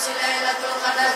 si Lailatul Qadar.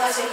Father,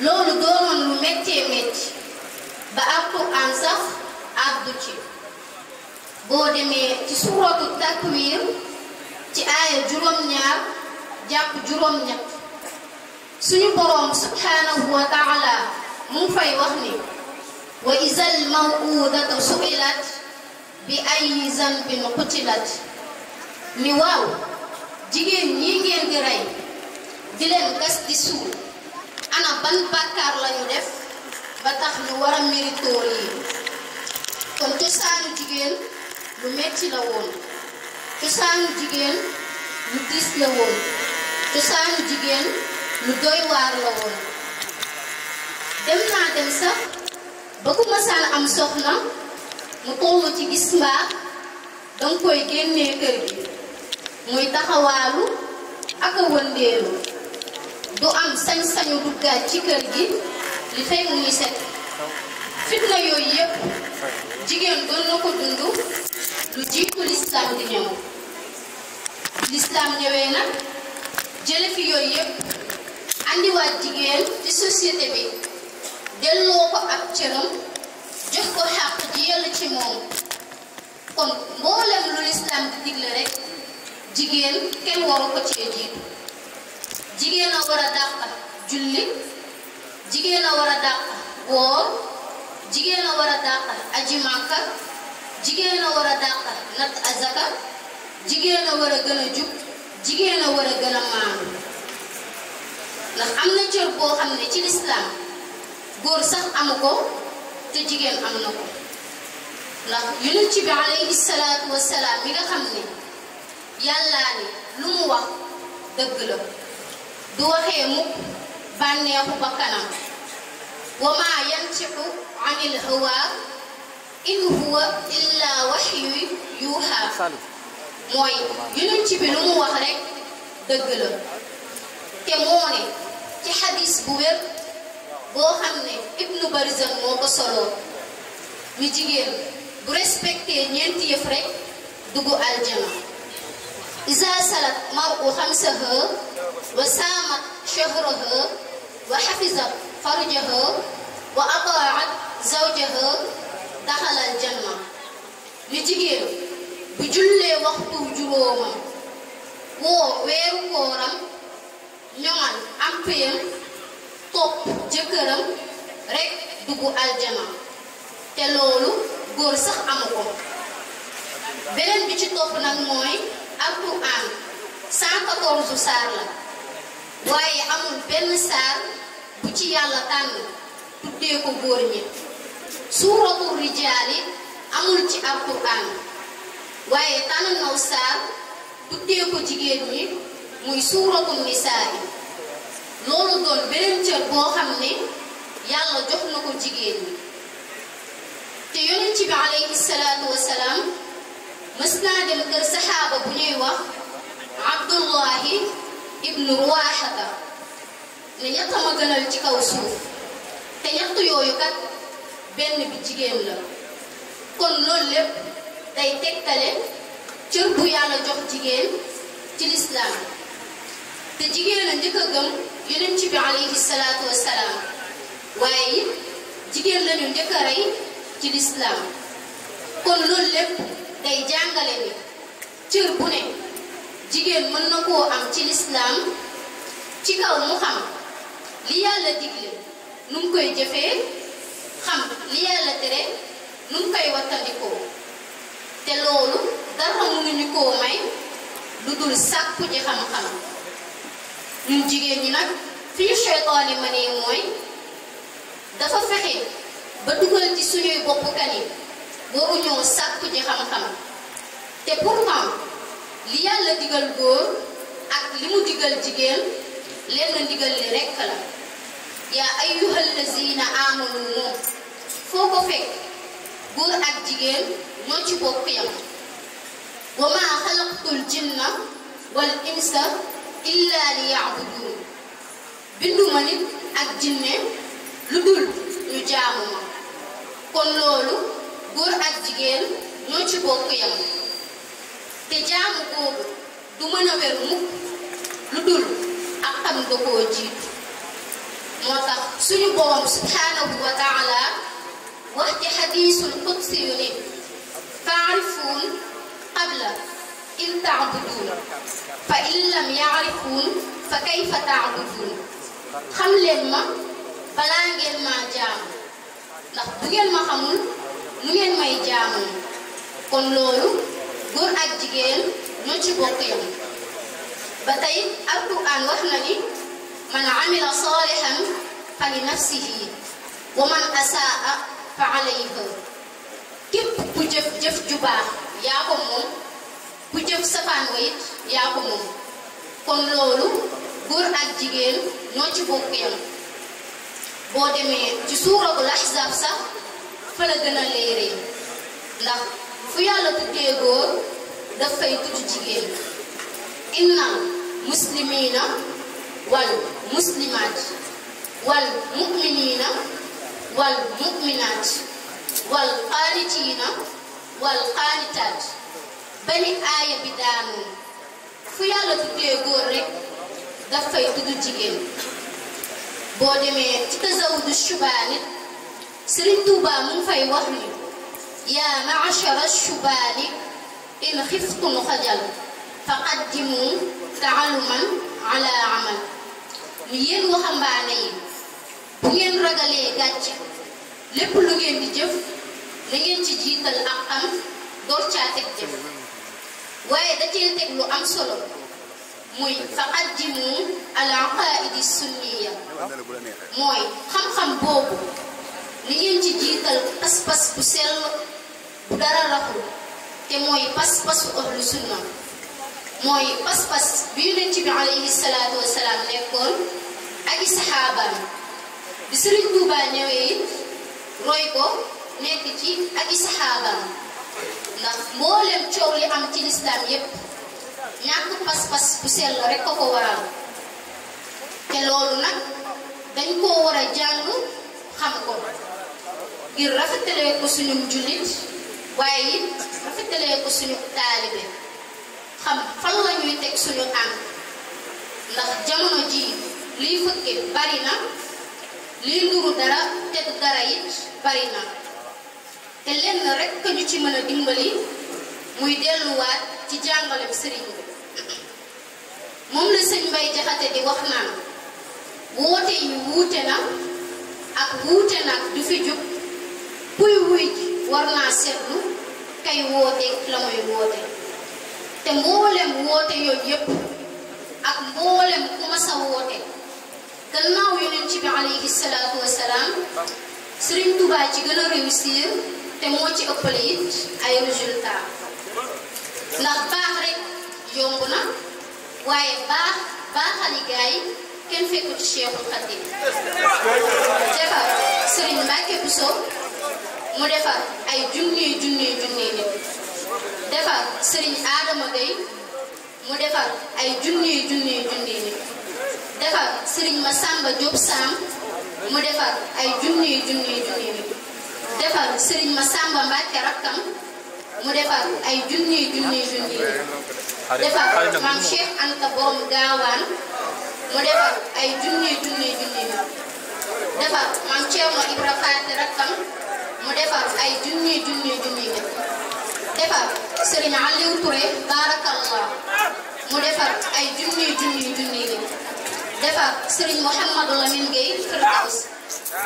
loolu doonoon lu méttee métti ba alquran sax àddu ci boo demee ci suuratu takwir ci aaya juróom-ñaar jàpp juróom-ñett suñu boroom subhaanahu mu fay wax ni wa izal maw'udatu su'ilat bi ayyi zanbin qutilat ni waaw jigéen ñi ngeen di rey di leen gas di suul ana ban bàkkaar lañu def ba tax ñu war a méritoor yi kon cosaanu jigéen lu metti la woon cosaanu jigéen lu diis la woon cosaanu jigéen lu doy waar la woon dem naa dem sax ba ku masaan am soxna mu toll ci gis mbaax danga koy génnee kër gi muy taxawaalu ak wëndeelu du am sañ sañu rugga cikër gi li fay muy set fitna yooyu yëpp jigéen doon na ko dund lu jiitu lislaam di ñëw lislaam ñëwee nag jële fi yooyu yëpp andiwaat jigéen ci société bi delloo ko ak cëram jox ko xàq ji yàlla ci moom kon mboolem lu lislaam di digle rek jigéen kenn waru ko cee jiitu jigéen a war a dàq julli jigéen a war a dàq woor jigéen a war a dàq aji jigéen a war a dàq natt azaka jigéen a war a gën a jub jigéen a war a gën a maandu ndax am na cër boo xam ne ci lislaam góor sax amu ko te jigéen am na ko ndax yonent bi alayhi salaatu wasalaam mi nga xam ne yàllaa ne lu mu wax dëgg la du waxee mukk bànneexu ba kanam wa maa yantiqu anil hawaa in huwa illa waxyu yuuhaa mooy yonent bi lu mu wax rekk dëgg la te moo ne ci xadis bu wér boo xam ne ibnu barizan moo ko soloo ñu jigéen bu respecté ñeenti yëf rekk dugg aljana إذا سلك مرء خمسه وسام شهره وحفظ فرجه وأطاعت زوجه دخل الجنة لجيجير بجل وقت جروما woo weeru kooram ñoŋal am topp jëkkëram rekk dugg aljana te loolu góor sax amu beneen bi ci topp nag mooy ak quatorze saar la waaye amul benn saar bu ci yàlla tànn tuddee ko góor ñi suuratul rijaali amul ci alquran waaye tànn naw saar tuddee ko jigéen ñi muy suuratul nisaa yi loolu doon beneen cër boo xam ne yàlla jox na ko jigéen ñi te yonent bi alayhi wasalaam mës naa dem kër saxaaba bu ñuy wax abdullahi ibnu ruwaxata ne ñett gënal ci kaw suuf te ñett yooyu kat benn bi jigéen la kon loolu lépp day tegtale cër bu yàlla jox jigéen ci lislaam te jigéen a njëkk a gëm yonent bi alayhi salaatu waaye it jigéen lañu njëkk a rey ci lislaam kon loolu lépp day jàngale ni cër bu ne jigéen mën na koo am ci lislaam ci kaw mu xam li yàlla digle nu mu koy jëfee xam li yàlla tere nu mu koy wattandikoo te loolu dara mënuñu koo may lu dul sàkku ji xam-xam ñun jigéen ñi nag fii seytaane ma ne mooy dafa fexe ba dugal ci suñuy bopp kani waruñoo sàkku ji xam-xam te pour xam digal góor ak li mu digal jigéen lenn ndigal li rekk la yaa ayyuhal lazina amanu moom foo ko fekk góor ak jigéen ñoo ci bokk yam wa maa xalaqtul jinna wal insa illa li binduma nit ak jinne lu dul ñu jaamu ma kon loolu góor ak jigéen ñoo ci bokk yam te jaamu googu du mën a wér mukk lu dul ak xam nga koo moo tax suñu borom subhanahu wa taala wax ci xadiisul qudsi yu ne taarifuun qabla in taabuduun fa in lam yaarifuun fa kayfa taabuduun xam leen ma balaa ngeen maa jaamu ndax bu ngeen ma xamul nu ngeen may jaamu kon loolu góor ak jigéen ñun ci bokk yam ba tey alquran wax na ni man amila salihan fa li nafsihi wa man asaa fa képp ku jëf jëf ju yaa ko moom ku jëf safaan wa yaa ko moom kon loolu góor ak jigéen ñoo ci bokk yam boo demee ci suuratul ahzab sax fa la gën a leeree ndax fu yàlla tuddee góor dafay tudd jigéen innal muslimiina wal muslimaat wal mu'miniina wal mu'minaat wal qaanitiina wal qaanitaat bani aaya bi daanu fu yàlla tuddee góor rek dafay tudd jigéen boo demee ci tazawudu shubaani Sëriñ Tuubaa mu ngi fay wax ni yaa ma'ashara shubaani إن خفتكم خجل faqaddimu taaluman ala amal yéen waxambaane yi bu ngeen ragalee gàcc lépp lu ngeen di jëf na ngeen ci jiital ak am door caa teg jëf waaye da cee teg lu am solo muy faqaddimu ala qaidi sunniya mooy xam-xam boobu ni ngeen ci jiital pas-pas bu sell bu dara raxul te mooy pas-pasu ahlu sunna mooy pas-pas bi yonent bi alayhi salaatu wasalaam nekkoon ak i saxaabaam bi Sëriñ Tuuba ñëwee it ko nekk ci ak i saxaabaam ndax mboolem coow li am ci lislaam yépp ñàkk pas-pas bu sell rek ko ko waral te nag dañ koo war a jàng xam ko ngir rafetale ko suñum jullit waaye it rafetalee ko suñu taalibe xam fan la ñuy teg suñu ànd ndax jamono ji liy fëkke bari na liy nduru dara te du dara it bari te lenn rek ka ñu ci mën a dimbali muy delluwaat ci jàngalem sëriñ bi moom la sëñ Mbay Jaxate di wax naan woote yi wuute na ak wuute nag du fi jub puy wuy war naa seetlu kay woote la muy woote te mboolem woote yooyu yëpp ak mboolem ku ma sa woote gannaaw yonent bi alayhi salaatu wa salaam Serigne ci gën a réussir te résultat ndax baax rek yomb na waaye baax baaxali kenn fekku ci Cheikhul Khadim defar Serigne Mbacke Bousso mu defar ay junniy junniy junniy nit defar sëriñ Adama Gueye mu defar ay junniy junniy defar sëriñ Massamba Diop Sam mu mu defar ay junniy junniy defar maam Cheikh Anta Ibra Faty rakkam mu defar ay junni junni junni defar Serigne Aliou Touré barakallah mu defar ay junni junni defar Serigne Mouhamadou Lamine Gueye Firdaws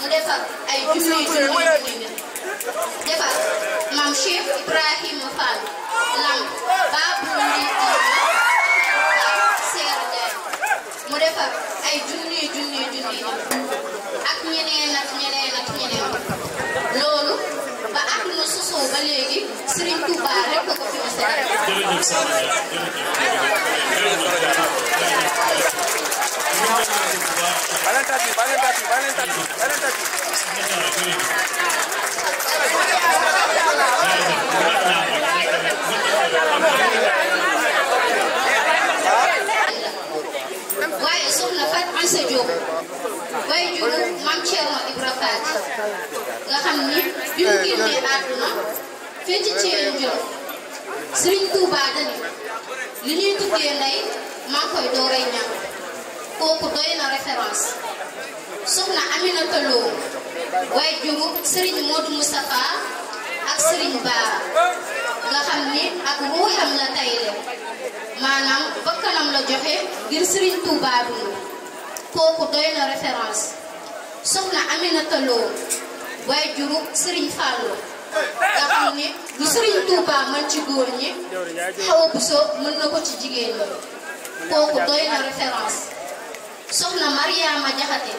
mu defar ay junni junni junni defar Mame Cheikh Ibrahima Fall Lamp Babou Ndeye mu defar ay ak ñeneen ak ñeneen ak അതിലേക്ക് ശ്രീ Kumaran Valentati, Valentati, Valentati, Valentati. fecc ceeru jot Sëriñ Tuuba dani li ñuy tuddee ndey maa koy dooree ñam kooku doy na référence soxna Aminata Lo waaye juru Sëriñ Modou Moustapha ak Sëriñ Baara nga xam ni ak ruuxam la tayle maanaam bakkanam la joxe ngir Sëriñ Tuuba dund kooku doy na référence soxna Aminata Lo waaye juru Sëriñ Fallou nga xam ne lu Serigne Touba mën ci góor ñi Awa Bousso mën na ko ci jigéen ñi kooku doy na référence soxna Mariama Jaxate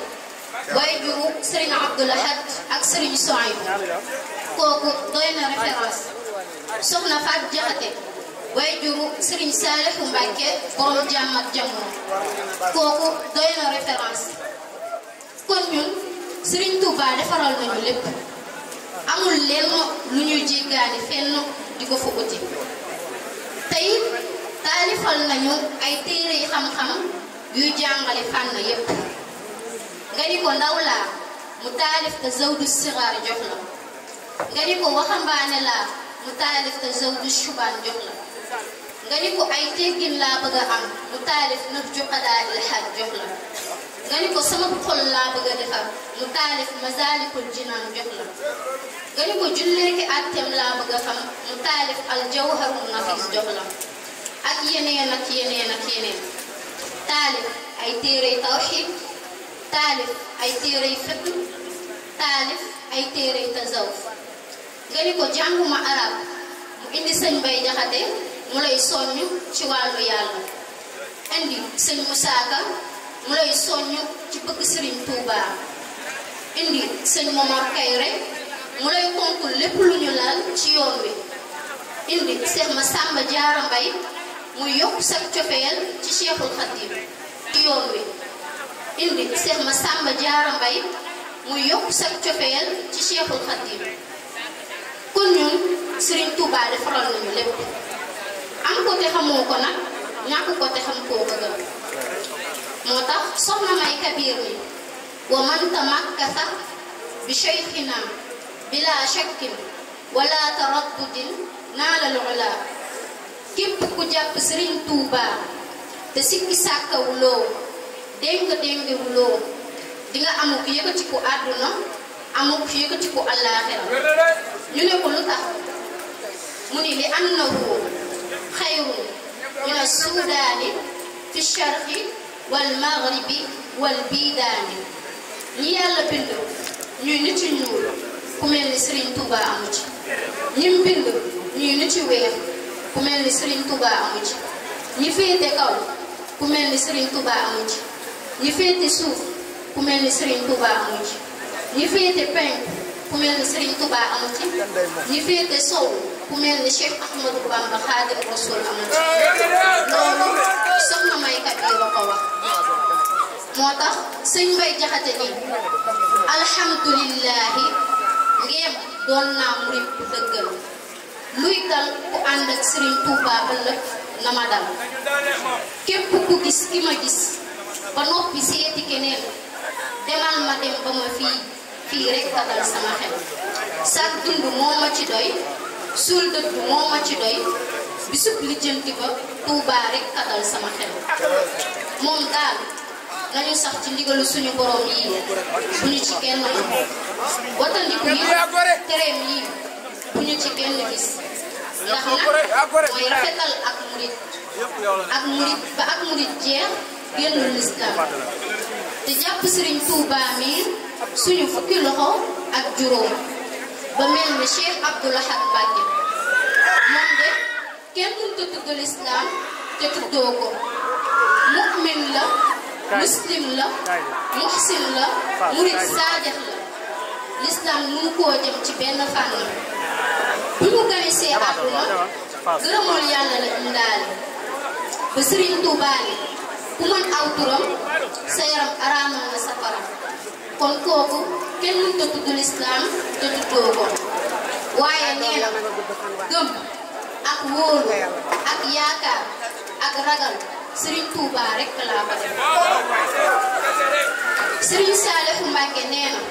waaye juru Serigne Abdoul Ahad ak kooku doy ak jamono kooku doy na référence kon ñun Serigne Touba defaral nañu lépp amul lenn lu ñuy jéggaani fenn di ko fa uti tey taalifal nañu ay téere xam-xam yuy jàngale fànn yépp nga ni ko ndaw laa mu taalif te zawdu siraar jox la nga ni ko waxambaane laa mu taalif te zawdu shubaan jox la nga ni ko ay teggin laa bëgg am mu taalif naf ju xadaadil jox la غني كسم كل لا بغير ها مطالف مزالك الجنان جهلا غني كجلك أتم لا بغير ها مطالف الجوهر النفيس جهلا أكيني أكيني أكيني تالف أي تيري توحيد تالف أي تيري فكر تالف أي تيري تزوف غني كجانب ما أراد مكين سن بيجا هذه ملاي سونيو شوالو يالو عندي سن مساكر mu lay soññ ci bëgg Serigne Touba indi sëñ Momar Kayre mu lay konkul lépp lu ñu laal ci yoon wi indi Cheikh Massamba Diarra Mbaye mu yokk sa cofeel ci Cheikhul Khadim ci kon ñun Serigne Touba defaral nañu lépp am ko te xamoo ko nag ñàkk ko te xam koo ko moo tax soxna may kabiir mi wa man tamakkasa bi cheykhina bila shakkin wala taraddudin naalal ula képp ku jàpp sëriñ Tuuba te sikki sàkkawuloo déng déngewuloo di nga amuk yëkkatiku àdduna amuk yëkkatiku àllaaxira ñu ne ko lu tax mu ni li annahu xayrun mina suudaani fi sharqi wal maghribi wal biidaani ñi yàlla bind ñuy nit yu ñuul ku mel ni Serigne Touba amu ci ñim bind ñuy nit yu weex ku ni Serigne Touba ñi féete kaw ku mel ni Serigne Touba amu ci ñi féete suuf ku ni Serigne Touba amu ci ñi féete penk ku mel ni Serigne Touba amu ñi féete sow ku mel ni cheikh ahmadou bamba xaadim rasul amul loolu soxna may kat yi ko wax moo tax mbay jaxate ni alhamdulillahi ngeem doon luy dal ku ànd ak sëriñ tuuba ëllëg na ma dal képp ku gis ki gis ba seeti keneen demal ma dem ba ma rek dal sama xel dund ci doy sul de mo ma ci doy bisub lijjanti ba tuubaa rek katal sama xel mom dal lañu sax ci ndigalu suñu borom yi bu ci kenn watandiku yi tereem yi bu ñu ci kenn gis ndax nag mooy rafetal ak murid iya, iya, iya. ak murid ba ak murid jeex génnul lislaam te japp serigne touba mi suñu fukki loxo ak juroom ba mel ni Cheikh Abdoul Ahad Mbacké moom de kenn tudd lislaam te tuddoo ko mu'min la muslim la muhsin la murid saadix la lislaam mënu koo jëm ci benn fànn bi mu ganisee àdduna gërëmool yàlla la indaale ba Sëriñ Tuubaa ku mën aw sa yaram araamal kon kooku kenn mënta tudd lislaam te tuddoo ko waaye nee na ak wóolu ak yaakaar ak ragal Serigne Touba rek laa ko def Serigne Saliou Mbacké nee na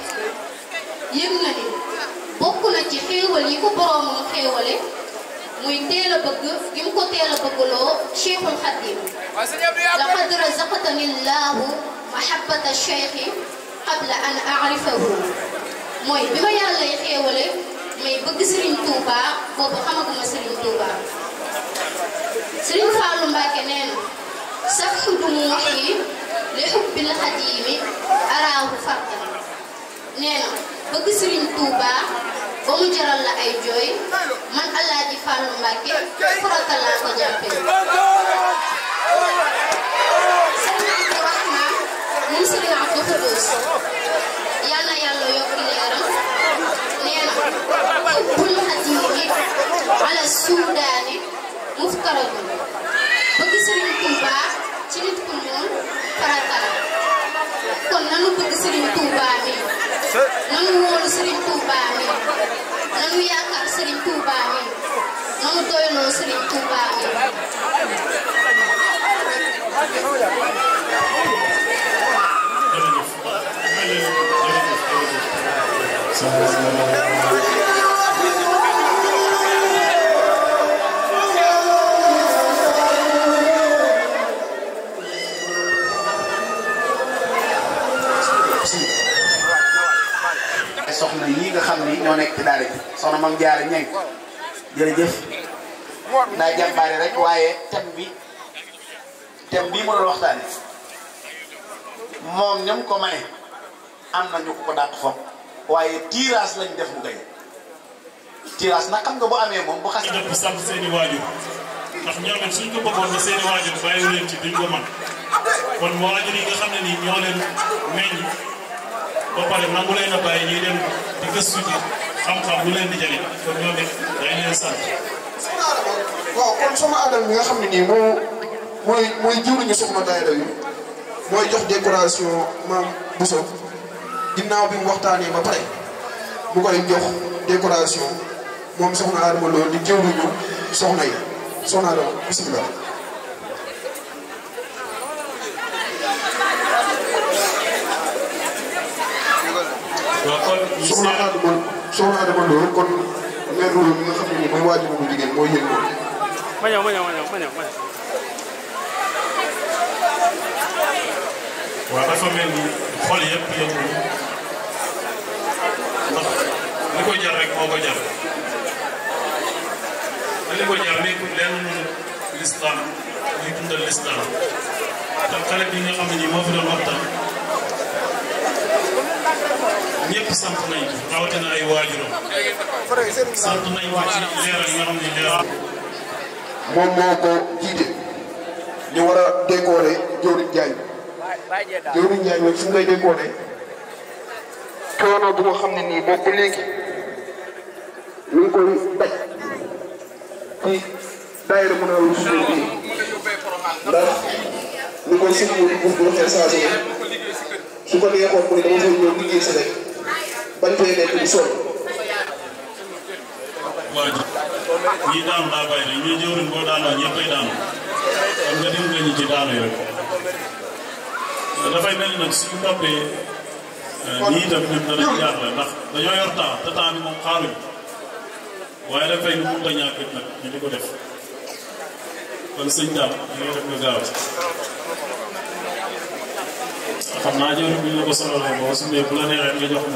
yëg na ni bokk na ci xéewal yi ko boroomam xéewale muy teel bëgg gi mu ko teel a bëggloo Cheikhul Khadim laqad razaqtani llahu mahabbata cheikhi قبل ان اعرفه موي بما يالا خيوله مي بغ سيرن توبا بوبو خماكو سيرن توبا سيرن فالو مباكي نين سخ دموعي لحب القديم اراه فرقا نين بغ سيرن توبا بوم جرال لا اي جوي من الله دي فالو مباكي فرقا لا كو جابي yàlla yàlla yokk leeram nee na kullu xadiisin ala suudaani muftaradun bëgg Serigne Touba ci nit ku ñuul farata kon nanu bëgg Serigne Touba mi nanu wóolu Serigne Touba mi nanu yaakaar Serigne Touba mi nanu doyloo Serigne Touba mi mam jaare ñang jërëjëf naa jàmbaare rek waaye thème bi thème bii mu doon waxtaane moom ñam ko mane am na ñu ko ko dàq foog waaye tirage lañ def mu gañe tirage nag xam nga bu amee moom bu xas def sant seen i waajur ndax ñoom it suñ ko bëggoon na seen i waajur bàyyi leen ci duñ ko man kon waajur yi nga xam ne nii ñoo leen meññ ba pare nangu leen a bàyyi ñuy dem di gëstu ji xam-xam lu leen di jëlee kon ñoo ngi bi nga xam ne nii moo mooy mooy jiwluñu soxna daayira yi mooy jox décoration maam Bousso ginnaaw bi mu waxtaanee ba pare bu koy jox décoration moom soxna Adama loolu di jiwluñu soxna yi soxna Adama bisimilah. soxna Adama soxna Adama Lo kon mère Lo mi nga xam ne mooy waajur bu jigéen mooy yëg moom. ma ñëw ma ñëw ma ñëw ma ñëw ma ñëw. waaw dafa mel ni xol yëpp yëpp ndax li ko jar rek moo ko jar te li ko jar nekkul lenn lislaam li dundal lislaam te xale bi nga xam ne nii moo fi doon waxtaan. ñëpp sant nañ ko rawatina ay waajuram moom moo ko jiite ñu war a décorer Diouroupé Ndiaye Diouroupé Ndiaye moom su ngay décorer coono bu nga xam ne nii boobu léegi ñu ngi koy daj ci daayira a wut suñu ndax ñu koy sëñ bi bu bu xeesaasee su ko neexoon mu ne dama fay ñëw liggéey si rek daa bàyyi rek ñii jëwriñ boo daanoo ñëppay daanu kon nga dimbali ñu ci daanu rek dafay mel nag eh, yor temps te temps bi moom xaaruñ waaye dafay fay lu mënta ñàkk nag ñu di ko def kon sëñ daal ñu ngi def xam naa jëwriñ bi ñu la ko solal moom suñu yëpp la neexee